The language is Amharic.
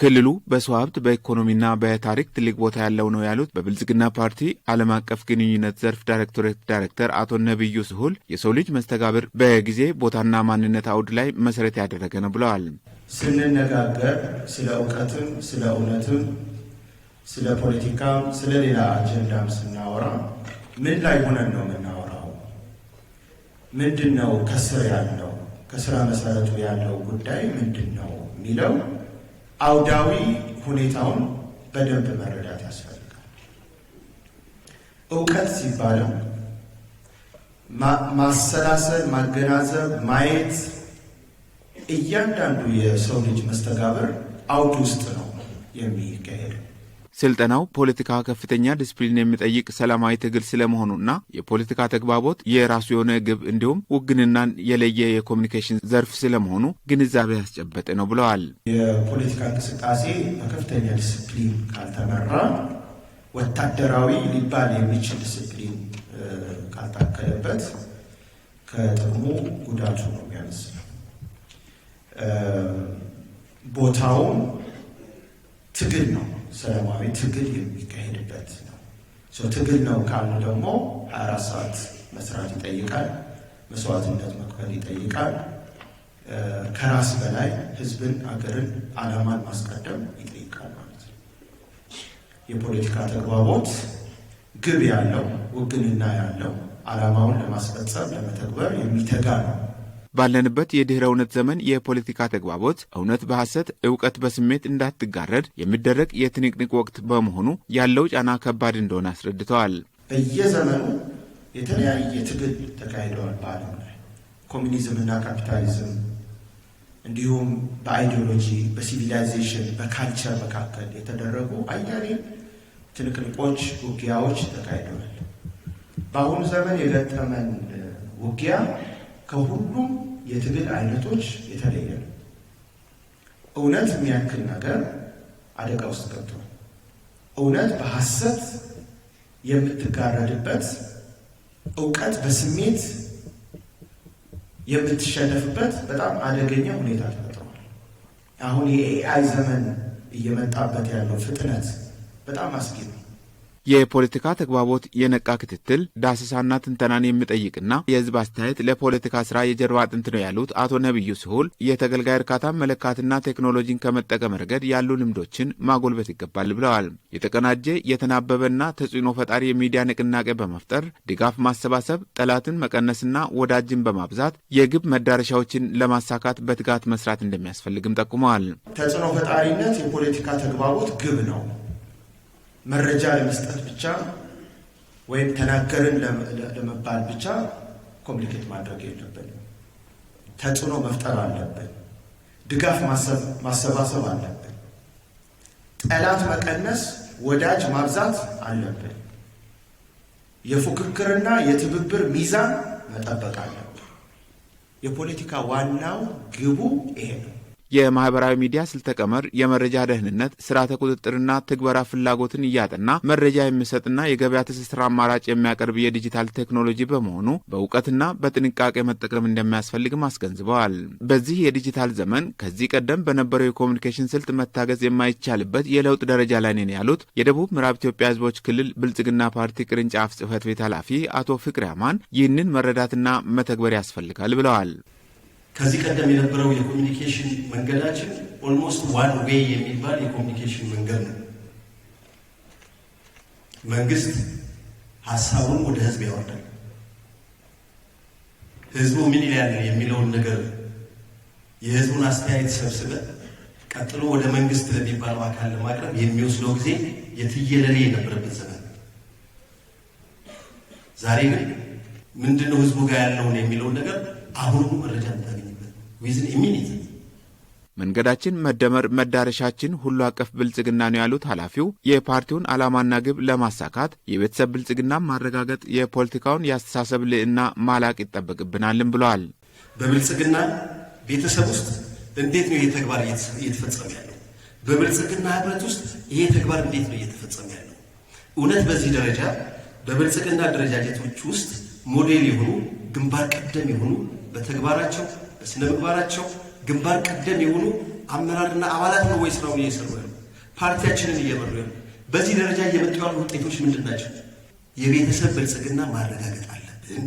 ክልሉ በሰው ሀብት በኢኮኖሚና በታሪክ ትልቅ ቦታ ያለው ነው ያሉት በብልጽግና ፓርቲ ዓለም አቀፍ ግንኙነት ዘርፍ ዳይሬክቶሬት ዳይሬክተር አቶ ነቢዩ ስሁል የሰው ልጅ መስተጋብር በጊዜ ቦታና ማንነት አውድ ላይ መሰረት ያደረገ ነው ብለዋል። ስንነጋገር ስለ እውቀትም ስለ እውነትም ስለ ፖለቲካም ስለ ሌላ አጀንዳም ስናወራ ምን ላይ ሆነን ነው የምናወራው? ምንድን ነው ከስር ያለው ከስራ መሰረቱ ያለው ጉዳይ ምንድን ነው የሚለው አውዳዊ ሁኔታውን በደንብ መረዳት ያስፈልጋል። እውቀት ሲባለው ማሰላሰል፣ ማገናዘብ፣ ማየት እያንዳንዱ የሰው ልጅ መስተጋብር አውድ ውስጥ ነው የሚካሄደው። ስልጠናው ፖለቲካ ከፍተኛ ዲስፕሊን የሚጠይቅ ሰላማዊ ትግል ስለመሆኑና የፖለቲካ ተግባቦት የራሱ የሆነ ግብ እንዲሁም ውግንናን የለየ የኮሚኒኬሽን ዘርፍ ስለመሆኑ ግንዛቤ ያስጨበጠ ነው ብለዋል። የፖለቲካ እንቅስቃሴ በከፍተኛ ዲስፕሊን ካልተመራ ወታደራዊ ሊባል የሚችል ዲስፕሊን ካልታከለበት ከጥቅሙ ጉዳቱ ነው የሚያንስ ቦታውም ትግል ነው። ሰላማዊ ትግል የሚካሄድበት ነው። ትግል ነው ካሉ ደግሞ 24 ሰዓት መስራት ይጠይቃል፣ መስዋዕትነት መክፈል ይጠይቃል። ከራስ በላይ ህዝብን፣ አገርን፣ አላማን ማስቀደም ይጠይቃል ማለት ነው። የፖለቲካ ተግባቦት ግብ ያለው ውግንና ያለው አላማውን ለማስፈጸም ለመተግበር የሚተጋ ነው። ባለንበት የድህረ እውነት ዘመን የፖለቲካ ተግባቦት እውነት በሐሰት እውቀት በስሜት እንዳትጋረድ የሚደረግ የትንቅንቅ ወቅት በመሆኑ ያለው ጫና ከባድ እንደሆነ አስረድተዋል። በየዘመኑ የተለያየ ትግል ተካሂደዋል። በዓለም ላይ ኮሚኒዝምና ካፒታሊዝም እንዲሁም በአይዲዮሎጂ በሲቪላይዜሽን በካልቸር መካከል የተደረጉ አያሌ ትንቅንቆች፣ ውጊያዎች ተካሂደዋል። በአሁኑ ዘመን የገጠመን ውጊያ ከሁሉም የትግል አይነቶች የተለየ ነው። እውነት የሚያክል ነገር አደጋ ውስጥ ገብቷል። እውነት በሐሰት የምትጋረድበት፣ እውቀት በስሜት የምትሸነፍበት በጣም አደገኛ ሁኔታ ተፈጥሯል። አሁን የኤአይ ዘመን እየመጣበት ያለው ፍጥነት በጣም አስጊ ነው። የፖለቲካ ተግባቦት የነቃ ክትትል፣ ዳሰሳና ትንተናን የሚጠይቅና የህዝብ አስተያየት ለፖለቲካ ስራ የጀርባ አጥንት ነው ያሉት አቶ ነቢዩ ስሁል የተገልጋይ እርካታ መለካትና ቴክኖሎጂን ከመጠቀም ረገድ ያሉ ልምዶችን ማጎልበት ይገባል ብለዋል። የተቀናጀ የተናበበና ተጽዕኖ ፈጣሪ የሚዲያ ንቅናቄ በመፍጠር ድጋፍ ማሰባሰብ፣ ጠላትን መቀነስና ወዳጅን በማብዛት የግብ መዳረሻዎችን ለማሳካት በትጋት መስራት እንደሚያስፈልግም ጠቁመዋል። ተጽዕኖ ፈጣሪነት የፖለቲካ ተግባቦት ግብ ነው። መረጃ ለመስጠት ብቻ ወይም ተናገርን ለመባል ብቻ ኮሚኒኬት ማድረግ የለብን ተጽዕኖ መፍጠር አለብን። ድጋፍ ማሰባሰብ አለብን። ጠላት መቀነስ፣ ወዳጅ ማብዛት አለብን። የፉክክርና የትብብር ሚዛን መጠበቅ አለብን። የፖለቲካ ዋናው ግቡ ይሄ ነው። የማህበራዊ ሚዲያ ስልተ ቀመር የመረጃ ደህንነት ስርዓተ ቁጥጥርና ትግበራ ፍላጎትን እያጠና መረጃ የሚሰጥና የገበያ ትስስር አማራጭ የሚያቀርብ የዲጂታል ቴክኖሎጂ በመሆኑ በእውቀትና በጥንቃቄ መጠቀም እንደሚያስፈልግም አስገንዝበዋል። በዚህ የዲጂታል ዘመን ከዚህ ቀደም በነበረው የኮሚኒኬሽን ስልት መታገዝ የማይቻልበት የለውጥ ደረጃ ላይ ነን ያሉት የደቡብ ምዕራብ ኢትዮጵያ ህዝቦች ክልል ብልጽግና ፓርቲ ቅርንጫፍ ጽህፈት ቤት ኃላፊ አቶ ፍቅሪ አማን ይህንን መረዳትና መተግበር ያስፈልጋል ብለዋል። ከዚህ ቀደም የነበረው የኮሚኒኬሽን መንገዳችን ኦልሞስት ዋን ዌይ የሚባል የኮሚኒኬሽን መንገድ ነው። መንግስት ሀሳቡን ወደ ህዝብ ያወርዳል። ህዝቡ ምን ይላል የሚለውን ነገር የህዝቡን አስተያየት ሰብስበ ቀጥሎ ወደ መንግስት ለሚባለው አካል ለማቅረብ የሚወስደው ጊዜ የትየለሌ የነበረበት ዘመን። ዛሬ ግን ምንድነው ህዝቡ ጋር ያለውን የሚለውን ነገር አብሮ መረጃ እንታገኝበት ዊዝን ኢሚኒት መንገዳችን መደመር መዳረሻችን ሁሉ አቀፍ ብልጽግና ነው ያሉት ኃላፊው የፓርቲውን ዓላማና ግብ ለማሳካት የቤተሰብ ብልጽግና ማረጋገጥ፣ የፖለቲካውን የአስተሳሰብ ልዕና ማላቅ ይጠበቅብናልም ብለዋል። በብልጽግና ቤተሰብ ውስጥ እንዴት ነው ይሄ ተግባር እየተፈጸመ ያለው? በብልጽግና ህብረት ውስጥ ይሄ ተግባር እንዴት ነው እየተፈጸመ ያለው? እውነት በዚህ ደረጃ በብልጽግና አደረጃጀቶች ውስጥ ሞዴል የሆኑ ግንባር ቀደም የሆኑ በተግባራቸው በስነ ምግባራቸው ግንባር ቀደም የሆኑ አመራርና አባላት ነው ወይ ስራውን እየሰሩ ያሉ ፓርቲያችንን እየመሩ ያሉ? በዚህ ደረጃ እየመጡ ያሉ ውጤቶች ምንድን ናቸው? የቤተሰብ ብልጽግና ማረጋገጥ አለብን።